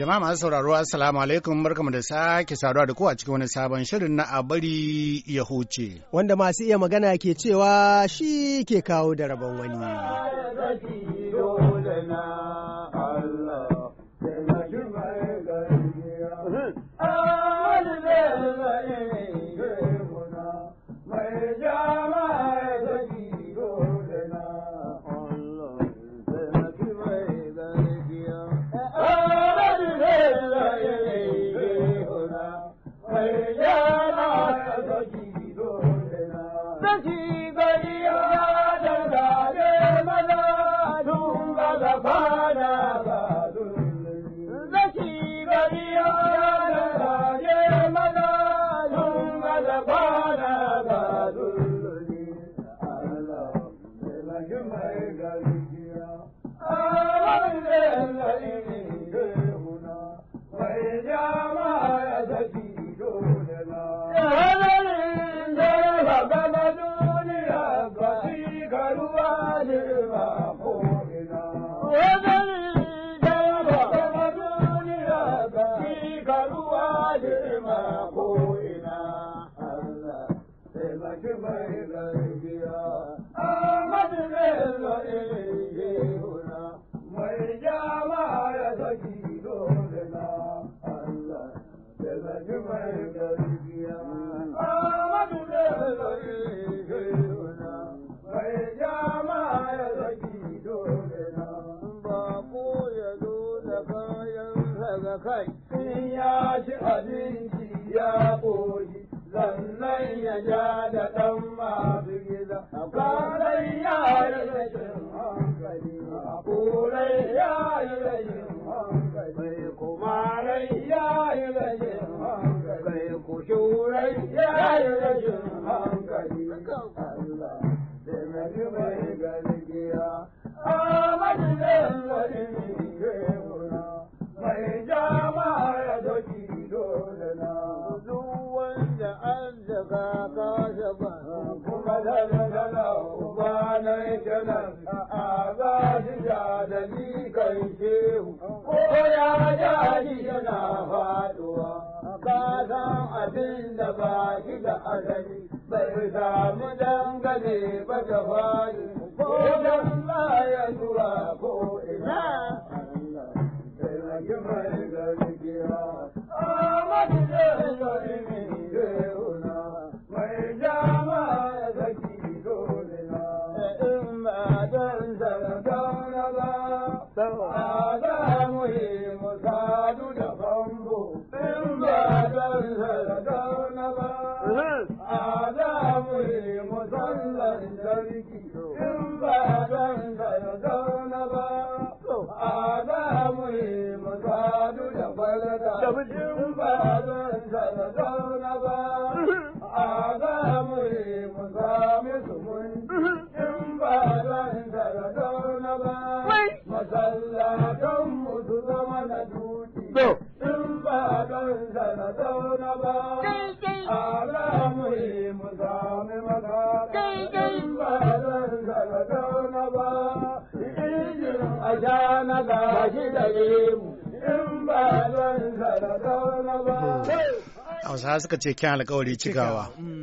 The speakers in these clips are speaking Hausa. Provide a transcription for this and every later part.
Jama'a masu sauraro assalamu alaikum barkamu da sake saduwa da ku a cikin wani sabon shirin na a bari ya huce. Wanda masu iya magana ke cewa shi ke kawo da rabon wani. go. wanda bata fari Hausa suka ce kyan alkawari cigawa. Mm.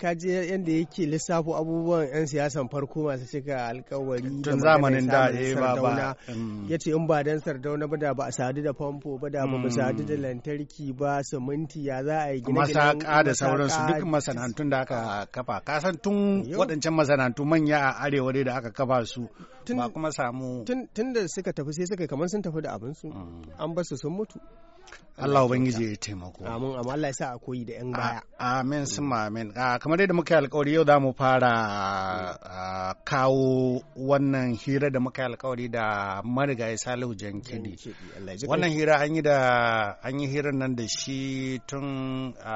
kaji mm. yadda yake lissafo abubuwan 'yan siyasan farko masu cika alkawari tun zamanin da ya eh, ba ba mm. ya ce in ba dan sardauna ba da ba a sadu da famfo ba da ba mm. sadu da lantarki ba siminti ya za a yi gine masaka da sauransu duk masana'antun da aka kafa kasan tun waɗancan masana'antu manya a arewa da aka kafa su ba kuma samu tun da suka tafi sai suka kamar sun tafi da abinsu an basu sun mutu Allah ubangiji ya taimako amin amma Allah ya sa a da yan baya amin summa amin kamar yadda muka yi alkawari yau za mu fara kawo wannan hira da muka yi alkawari da marigayi Salihu Jankidi wannan hira an yi da an yi hirar nan da shi tun a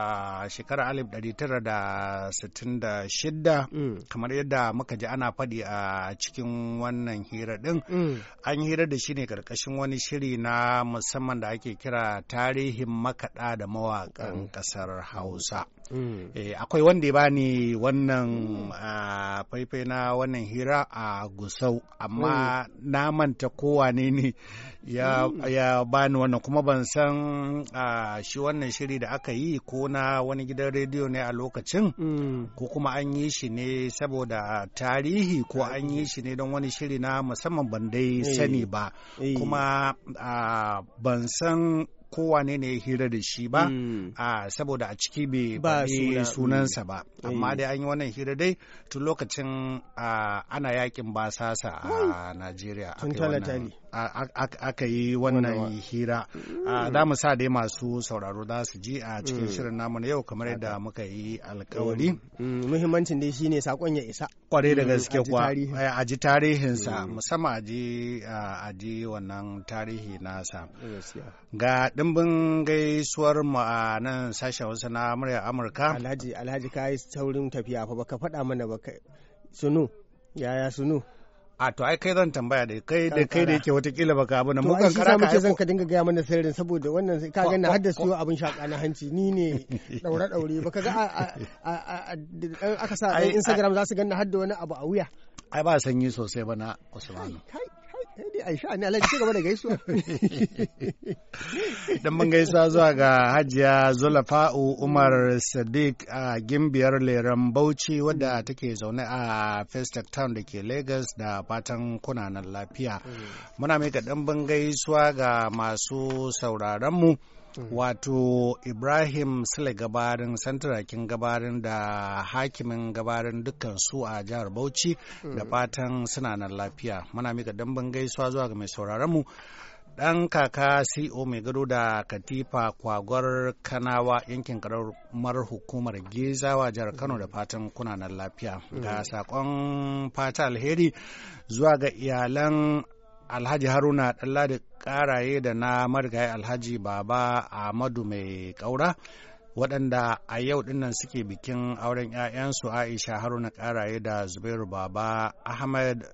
shekarar 1966 mm. kamar yadda muka ji ana faɗi a cikin wannan hira ɗin. Mm. an yi hira da shi ne karkashin wani shiri na musamman da ake kira ta tarihin makaɗa da mawaƙan mm. ƙasar hausa mm. eh, akwai wanda ya bani wannan faifai na wannan hira a gusau amma mm. na manta kowane ne ya bani wannan kuma ban san shi wannan shiri da aka yi ko na wani gidan rediyo ne a lokacin ko kuma an yi shi ne saboda tarihi ko an yi shi ne don wani shiri na musamman ban dai eh. sani ba eh. kuma ban san kowa ne ya hira da shi ba hmm. a saboda a ciki bai sunansa ba eh. amma dai an yi wannan hira dai tun lokacin ana yakin basasa a Najeriya. Tun talatali. aka yi wannan hira Da mm. mu sa dai masu sauraro za su ji a cikin mm. shirin namu na yau kamar yadda muka yi alkawari mm. muhimmancin dai shine sakon ya isa kwarai da gaske kuwa eh, a ji tarihinsa musamman a ji wannan tarihi nasa ga dimbin gaisuwar mu a nan sashen wasu na murya amurka alhaji alhaji saurin tafiya fa baka faɗa mana baka sunu yaya sunu a to ai kai zan tambaya da kai da kai da yake watakila baka abu na mukan kara muke zan ka dinga gaya mana sirrin saboda wannan ka ga na haddasa yau abin shaka na hanci ni ne daure daure baka ga aka sa Instagram za su ganna hadda wani abu a wuya ai ba sanyi sosai ba na Usmanu dai a ne gaba da gaisuwa dan mun gaisa zuwa ga hajiya zulafa'u umar sadiq a gimbiyar leran bauchi wadda take zaune a festac town da ke lagos da fatan kunanan lafiya mm. muna mai ga dan gaisuwa ga masu sauraronmu mu Mm. wato ibrahim sule gabarin santarakin gabarin da hakimin gabarin dukkan su a jihar bauchi mm. da fatan suna nan lafiya muna mika damben gaisuwa zuwa ga mai sauraron mu ɗan kaka CEO mai gado da katifa kwagwar kanawa yankin karamar hukumar gezawa jihar kano mm. da fatan kuna nan lafiya ga sakon fata alheri zuwa ga iyalan alhaji haruna ɗan Ladi. karaye da na marigayi alhaji baba ahmadu mai ƙaura. waɗanda a yau dinnan suke bikin auren 'ya'yansu aisha haruna karaye da zubairu baba ahmed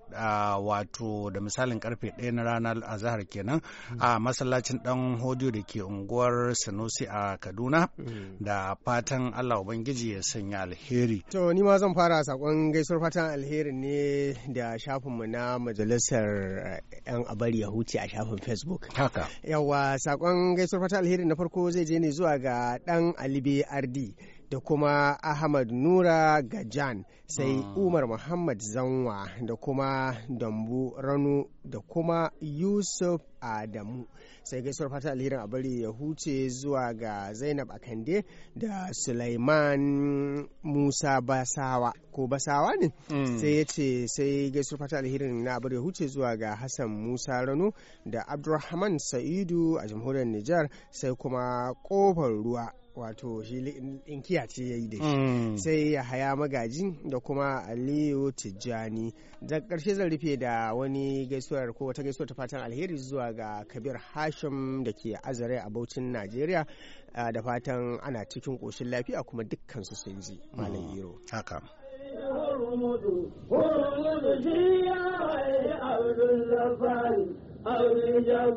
wato da misalin karfe 1 na ranar azahar kenan a masallacin dan hodiyo da ke unguwar sanusi a kaduna mm. da fatan allah ubangiji ya sanya alheri to ni ma zan fara sakon gaisuwar fatan alheri ne da shafinmu na majalisar eh, 'yan abar yahuci a shafin facebook haka yawa sakon gaisuwar fatan alheri na farko zai je ne zuwa ga dan Albi ardi da kuma Ahmad Nura Gajan sai ah. Umar Muhammad Zanwa da kuma Dambu Ranu da kuma Yusuf Adamu sai gaisuwar fata alherin a bari ya huce zuwa ga Zainab Akande da Sulaiman Musa Basawa ko Basawa ne mm. sai ya ce sai gaisuwar fata alherin na bari ya huce zuwa ga Hassan Musa Rano da Abdulrahman Sa'idu a jamhuriyar Nijar sai kuma kofar ruwa wato shi inkiya ce ya yi da shi mm. sai ya haya magaji da kuma aliyu tijjani da ƙarshe zan rufe da wani gaisuwar ko wata gaisuwar ta fatan alheri zuwa ga kabir hashim da ke azare a baucin najeriya da fatan ana cikin ƙoshin lafiya kuma dukkan su sun ji mm. malam iro haka ya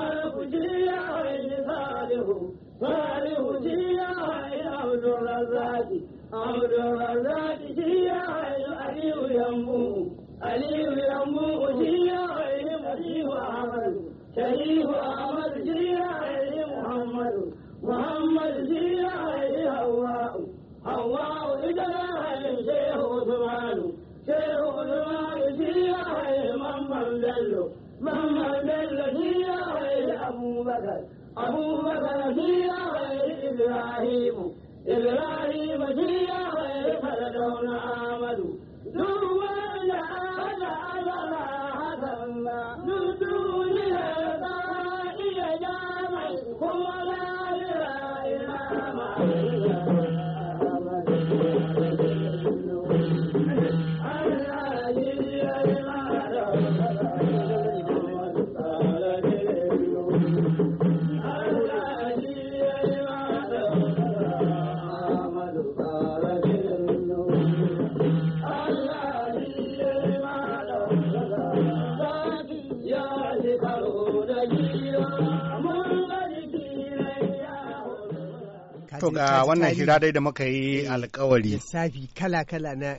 wannan hira dai da muka yi eh, alkawari safi kala kala na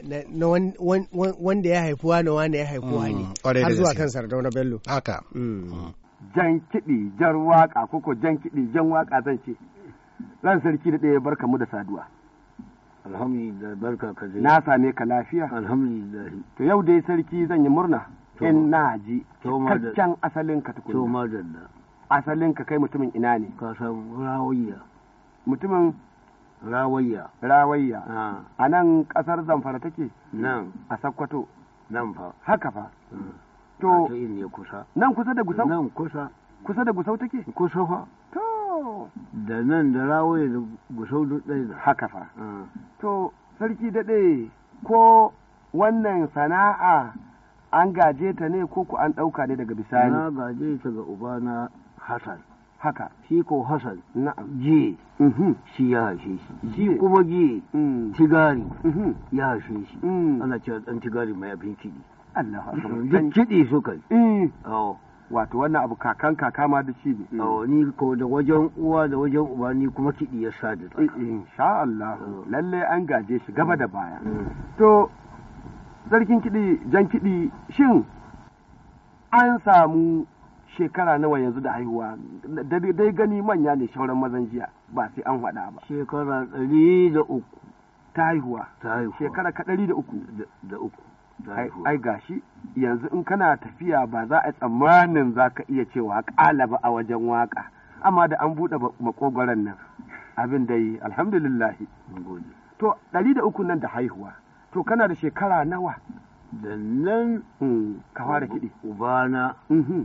wanda ya haifuwa na wanda ya haifuwa mm, ne har zuwa kan sardauna bello haka mm. Mm. jan kiɗi jan waka koko jan kiɗi jan waka zan ce ran sarki da ɗaya barka mu da saduwa alhamdulillah barka ka na same ka lafiya alhamdulillah to yau dai sarki zan yi murna in na ji kakkan asalin ka tukuna asalin ka kai mutumin ina ne ka san rawiya mutumin rawayya rawayya ah. a nan kasar zamfara take nan a sakkwato nan fa haka fa ah. to nan kusa da gusau nan kusa kusa da gusau take kusa fa to da nan da rawayya da gusau duk ɗaya haka fa ah. to sarki daɗe ko wannan sana'a an gaje ta ne ko ku an ɗauka ne daga bisani na gaje ta ga ubana hassan haka shi ko hasan na je mhm. shi ya hashe shi shi kuma je mm. mhm. tigari mhm. ya hashe shi ana cewa dan tigari mai abin kiɗi Allah akbar kiɗi su kai oh. wato wannan abu kakan kaka ma da shi ne mm. oh, ni ko da wajen uwa da wajen uba ni kuma kiɗi ya sa da tsaka insha Allah oh. lalle an gaje shi gaba da baya mm. to sarkin kiɗi jan kiɗi shin an samu shekara nawa yanzu da haihuwa dai gani manya ne shauran mazan jiya ba sai an faɗa ba shekara ɗari da uku ta haihuwa shekara ka ɗari da uku da uku ai gashi yanzu in kana tafiya ba za a tsammanin za ka iya cewa ƙalaba a wajen waka amma da an buɗe makogoron nan abin da yi alhamdulillah to ɗari da uku nan da haihuwa to kana da shekara nawa da nan hmm, ka fara kiɗi ubana mm-hmm.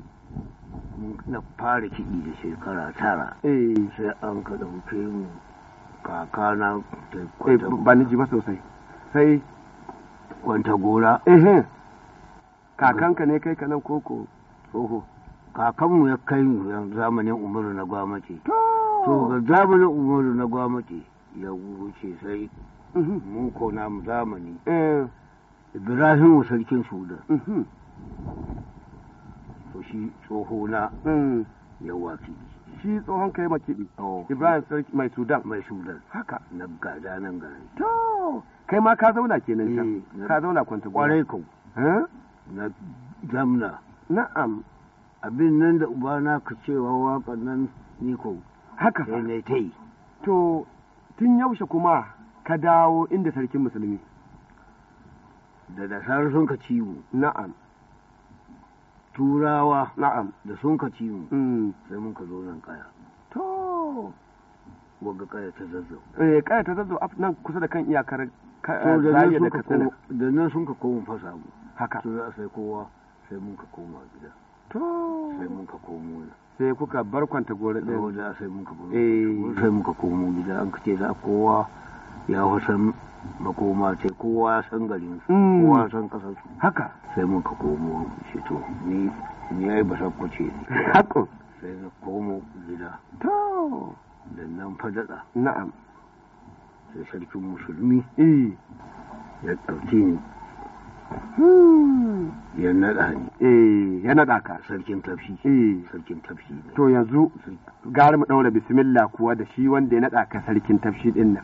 na fara kiɗi da shekara tara eh. sai an ka ɗauke mu kaka ta eh, ba ni ji ba sosai sai kwanta gora ehe kakanka ne kai kanan koko oho kakanmu ya kai mu zamanin umaru na gwamnati to ga zamanin umaru na gwamnati ya wuce sai mhm. mu ko namu zamani eh. ibrahim sarkin sudan mhm. shi tsohona hmm. ya wafi shi tsohon kai makiɗi oh. ibrahim sarki mai sudan mai sudan haka na gada nan gari to kai ma ka zauna kenan can eh, ka zauna kwanta kwarai kau. na jamna na'am abin nan da ubana ka cewa waƙar nan ni ko haka sai ne ta yi to tun yaushe kuma ka dawo inda sarkin musulmi da da sun ka ciwo na'am turawa na'am da sun ka ci mu mm. sai mun ka zo nan kaya to wagga kaya ta zazzau eh kaya ta zazzau nan kusa da kan iyakar da katsina da nan sun ka koma fasa mu haka to za sai kowa sai mun ka koma gida to sai mun ka komo ne sai kuka barkwanta gore ɗaya sai mun ka komo eh. sai mun ka komo gida an kace za kowa ya wasan makoma ce kowa san garin su hmm. kowa san kasar su haka sai ka komo shi to ni ni ai ba kuce ni. haka sai na komo gida to da nan fadada na'am sai sarkin musulmi eh ya ɗauki ni hmm. ya naɗa ni eh ya naɗa ka sarkin tafsi eh sarkin tafsi to yanzu gari mu ɗaura bismillah kuwa da shi wanda ya naɗa ka sarkin tafsi din nan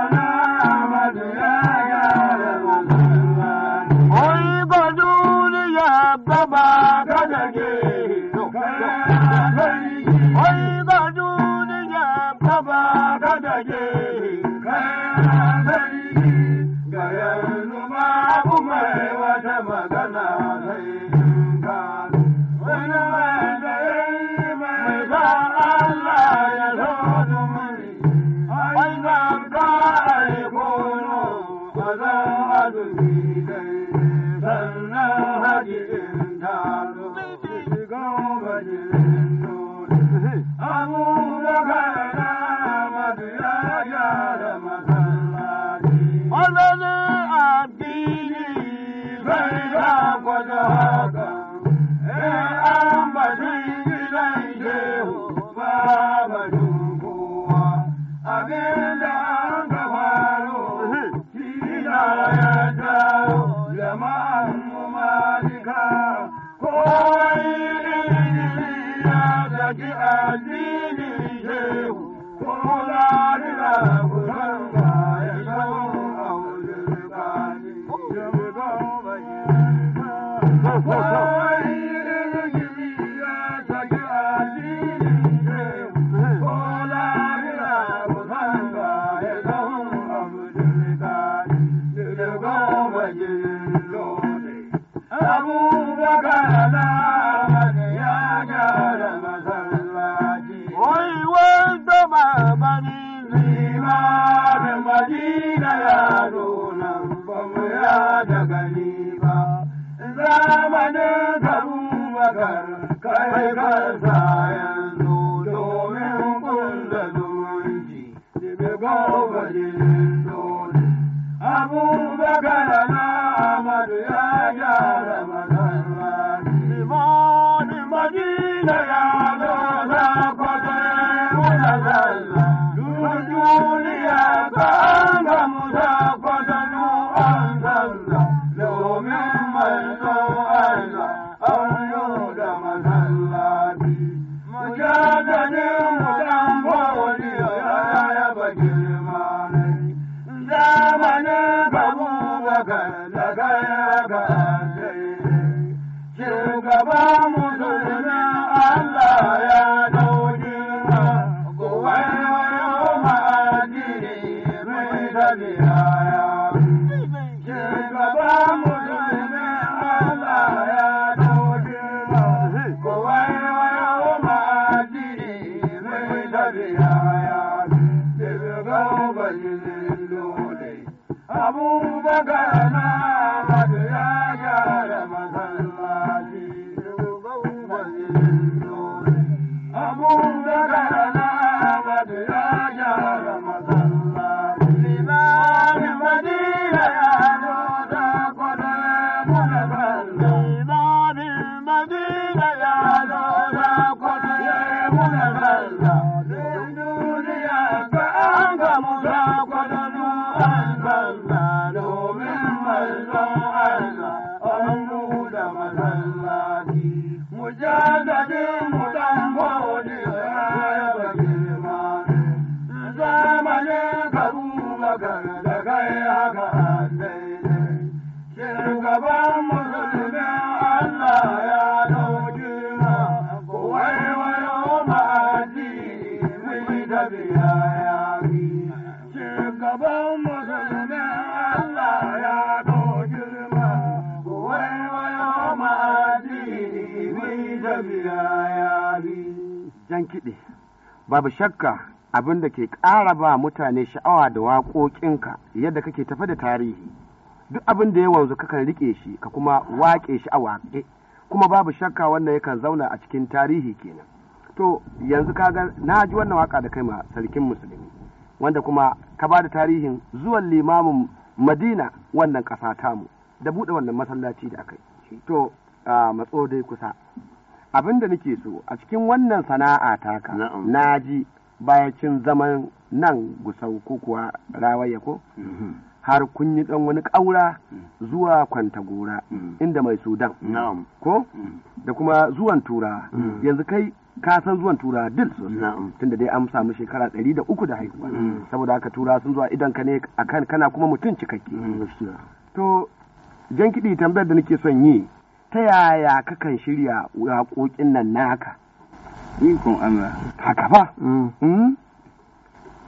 Oh, oh, oh. abubakar Rakwada shakka abin da ke ƙara ba mutane sha'awa da waƙoƙinka yadda kake tafe da tarihi duk abin da ya wanzu kakan riƙe shi ka kuma waƙe shi a waƙe kuma babu shakka wannan yakan zauna a cikin tarihi kenan to yanzu ga na ji wannan waka da kai ma sarkin musulmi wanda kuma ka ba da tarihin zuwan limamin madina wannan ƙasa tamu da buɗe wannan masallaci da aka yi to a matso dai kusa abin da nake so a cikin wannan sana'a taka na ji bayacin zaman nan gusau ko kuwa rawaya ko mhm. har kun yi ɗan wani ƙaura mm. zuwa kwanta gora mm. inda mai sudan ko mm. da kuma zuwan tura yanzu kai ka san zuwan tura dil sosai tunda dai an samu shekara ɗari da uku da haihuwa saboda haka tura sun zuwa idan ka ne akan kana kuma mutum cikakke to jan kiɗi tambayar da nake son yi ta yaya kakan shirya waƙoƙin nan naka ikon Allah haka ba mm. mm.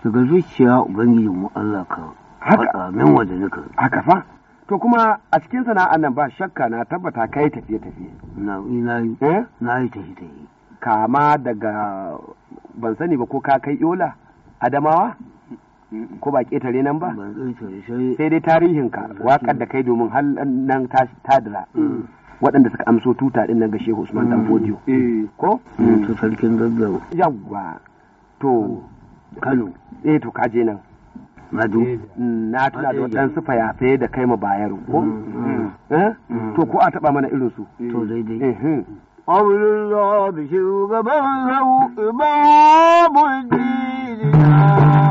daga zuciya ubangiji mu Allah ka haka min waje nika haka fa to kuma a cikin sana'an nan ba shakka na tabbata kai tafiye tafiye na yi eh? na yi tafiye tafiye. kama daga ban sani ba ko ka kai yola adamawa ko ba ƙetare nan ba sai dai tarihinka waƙar da kai domin hannun nan ta dira mm. waɗanda suka amso tuta ɗin nan ga Shehu Usman dan bodiyo mm, eh. ko mm, to sarkin zazzau yawa to Kano eh to kaje nan Madu. Na tuna da ya fiye da kai ma bayar ko? Mm, eh? To ko a taɓa mana irin su? Eh. To daidai. Abdullahi shugaban hau babu dini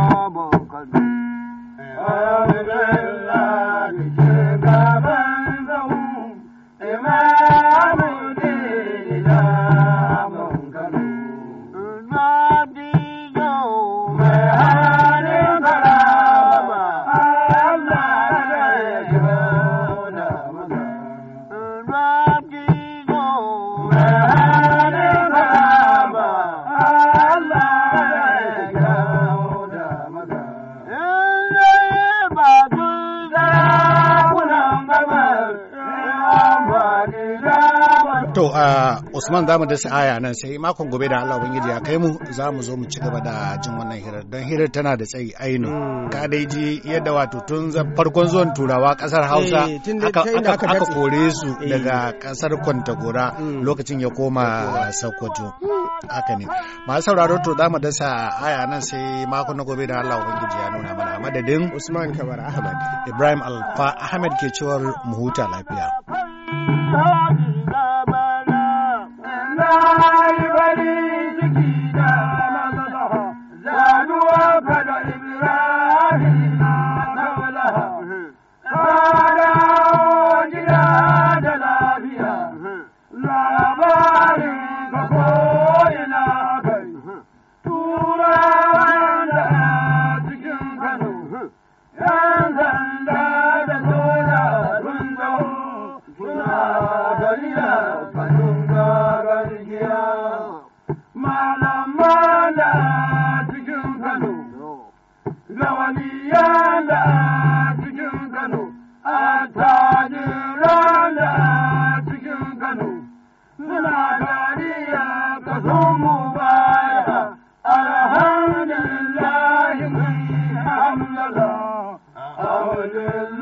To, Usman za mu da aya nan sai makon gobe da Allah Ubangiji ya kai mu za mu zo mu ci gaba da jin wannan hirar don hirar tana da tsayi ainu. Mm. Ka dai ji yadda wato tun farkon zuwan turawa kasar Hausa eh, aka kore su eh. daga kasar Kwantagora mm. lokacin ya koma Sokoto. Haka ne. Masu sauraro to za mu dasa aya nan sai makon na gobe da Allah Ubangiji ya nuna mana madadin Usman Kabar Ahmad Ibrahim Alfa ahmad ke cewar mu huta lafiya. Hallelujah.